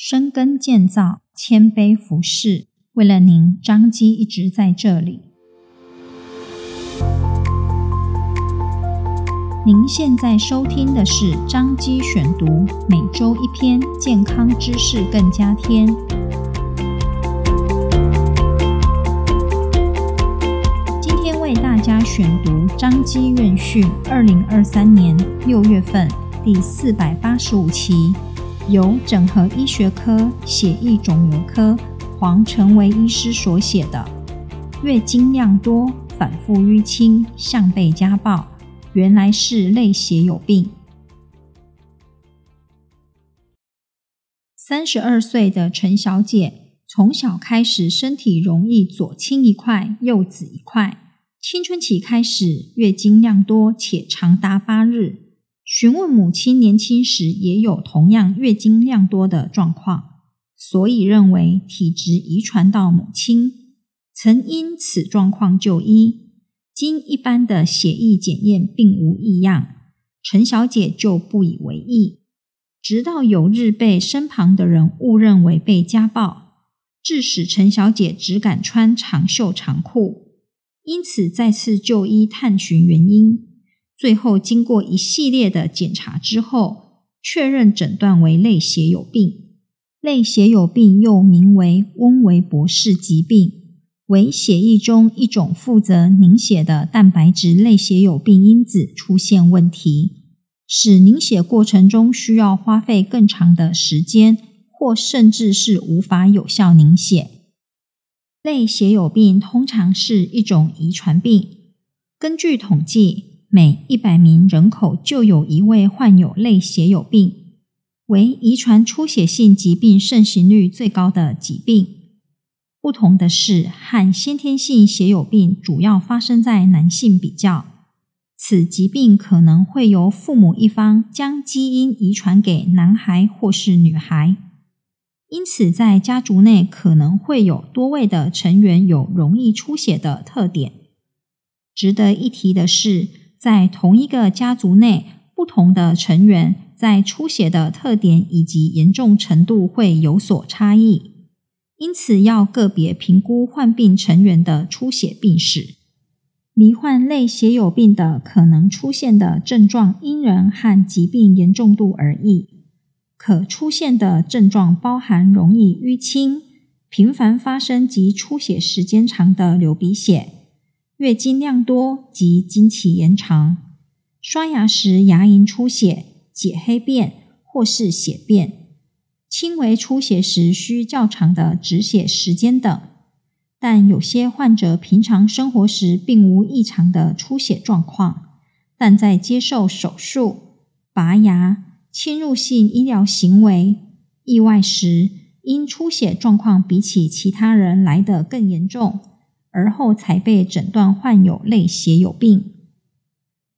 深耕建造，謙卑服侍，為了您，彰基一直在這裡。您現在收聽的是彰基選讀，每周一篇健康知識更，更加添。今天為大家選讀《彰基院訊》二零二三年六月份第四百八十五期。由整合醫學科血液腫瘤科黃晟維醫師所寫的《月經量多、反覆淤青，像被家暴，原來是類血友病》。三十二歲的陳小姐從小開始身體容易左青一塊、右紫一塊，青春期開始月經量多且長達八日。詢問母親年輕時也有同樣月經量多的狀況，所以認為體質遺傳到母親。曾因此狀況就醫，經一般的血液檢驗並無異樣，陳小姐就不以為意。直到有日被身旁的人誤認為被家暴，致使陳小姐只敢穿長袖長褲，因此再次就醫探尋原因。最後經過一系列的檢查之後，確認診斷為類血友病。類血友病，又名為溫韋伯氏疾病，為血液中一種負責凝血的蛋白質類血友病因子出現問題，使凝血過程中需要花費更長的時間，或甚至是無法有效凝血。類血友病通常是一種遺傳病，根據統計，每一百名人口就有一位患有類血友病，為遺傳出血性疾病盛行率，率最高的疾病。不同的是，和先天性血友病主要發生在男性比較，此疾病可能會由父母一方將基因遺傳給男孩或是女孩，因此在家族內可能會有多位的成員有容易出血的特點。值得一提的是，在同一個家族內，不同的成員在出血的特點以及嚴重程度會有所差異，因此要個別評估患病成員的出血病史。罹患類血友病的可能出現的症狀因人和疾病嚴重度而異，可出現的症狀包含容易淤青、頻繁發生及出血時間長的流鼻血。月經量多及經期延長，刷牙時牙齦出血、解黑便或是血便，輕微出血時需較長的止血時間等。但有些患者平常生活時並無異常的出血狀況，但在接受手術、拔牙、侵入性醫療行為、意外時，因出血狀況比起其他人來得更嚴重。而後才被診斷患有類血友病。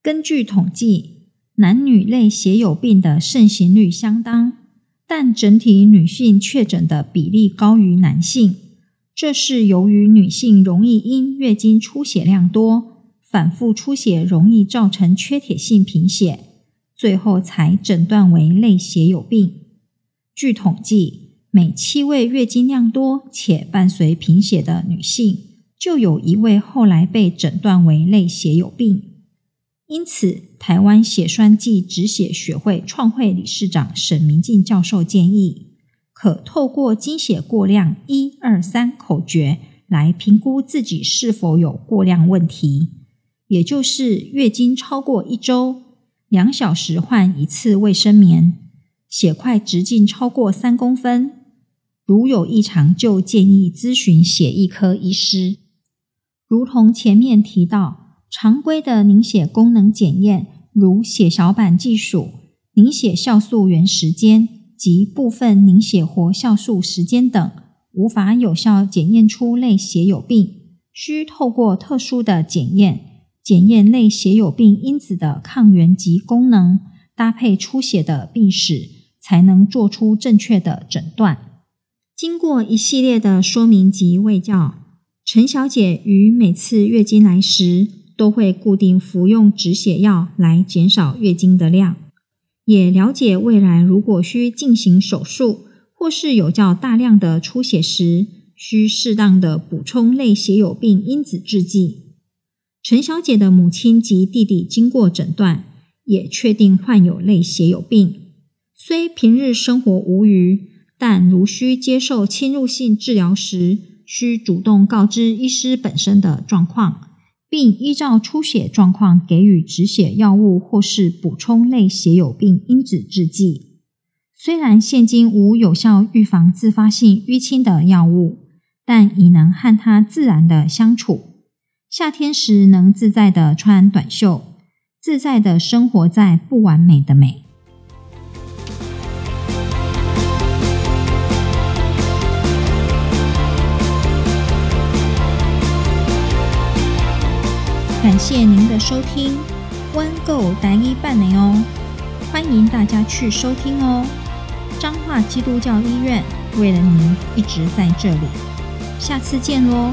根據統計，男女類血友病的盛行率相當，但整體女性確診的比例高於男性。這是由於女性容易因月經出血量多、反覆出血，容易造成缺鐵性貧血，最後才診斷為類血友病。據統計，每七位月經量多且伴隨貧血的女性。就有一位後來被診斷為類血友病，因此台灣血栓暨止血學會創會理事長沈銘鏡教授建議，可透過經血過量一二三口訣來評估自己是否有過量問題，也就是月經超過一周，兩小時換一次衛生棉，血塊直徑超過三公分，如有異常就建議諮詢血液科醫師。如同前面提到，常規的凝血功能檢驗，如血小板計數、凝血酵素原時間及部分凝血活酵素時間等，無法有效檢驗出類血友病。需透過特殊的檢驗，檢驗類血友病因子的抗原及功能，搭配出血的病史，才能做出正確的診斷。經過一系列的說明及衛教。陳小姐於每次月經來時都會固定服用止血藥來減少月經的量，也了解未來如果需進行手術或是有較大量的出血時，需適當的補充類血友病因子製劑。陳小姐的母親及弟弟經過診斷也確定患有類血友病，雖平日生活無虞，但如需接受侵入性治療時，需主動告知醫師本身的狀況，並依照出血狀況給予止血藥物或是補充類血友病因子制劑。雖然現今無有效預防自發性淤青的藥物，但已能和它自然的相處。夏天時能自在的穿短袖，自在的生活在不完美的美。感謝您的收聽，One Go 單一伴侶哦，歡迎大家去收聽哦。彰化基督教醫院為了您一直在這裡，下次見嘍。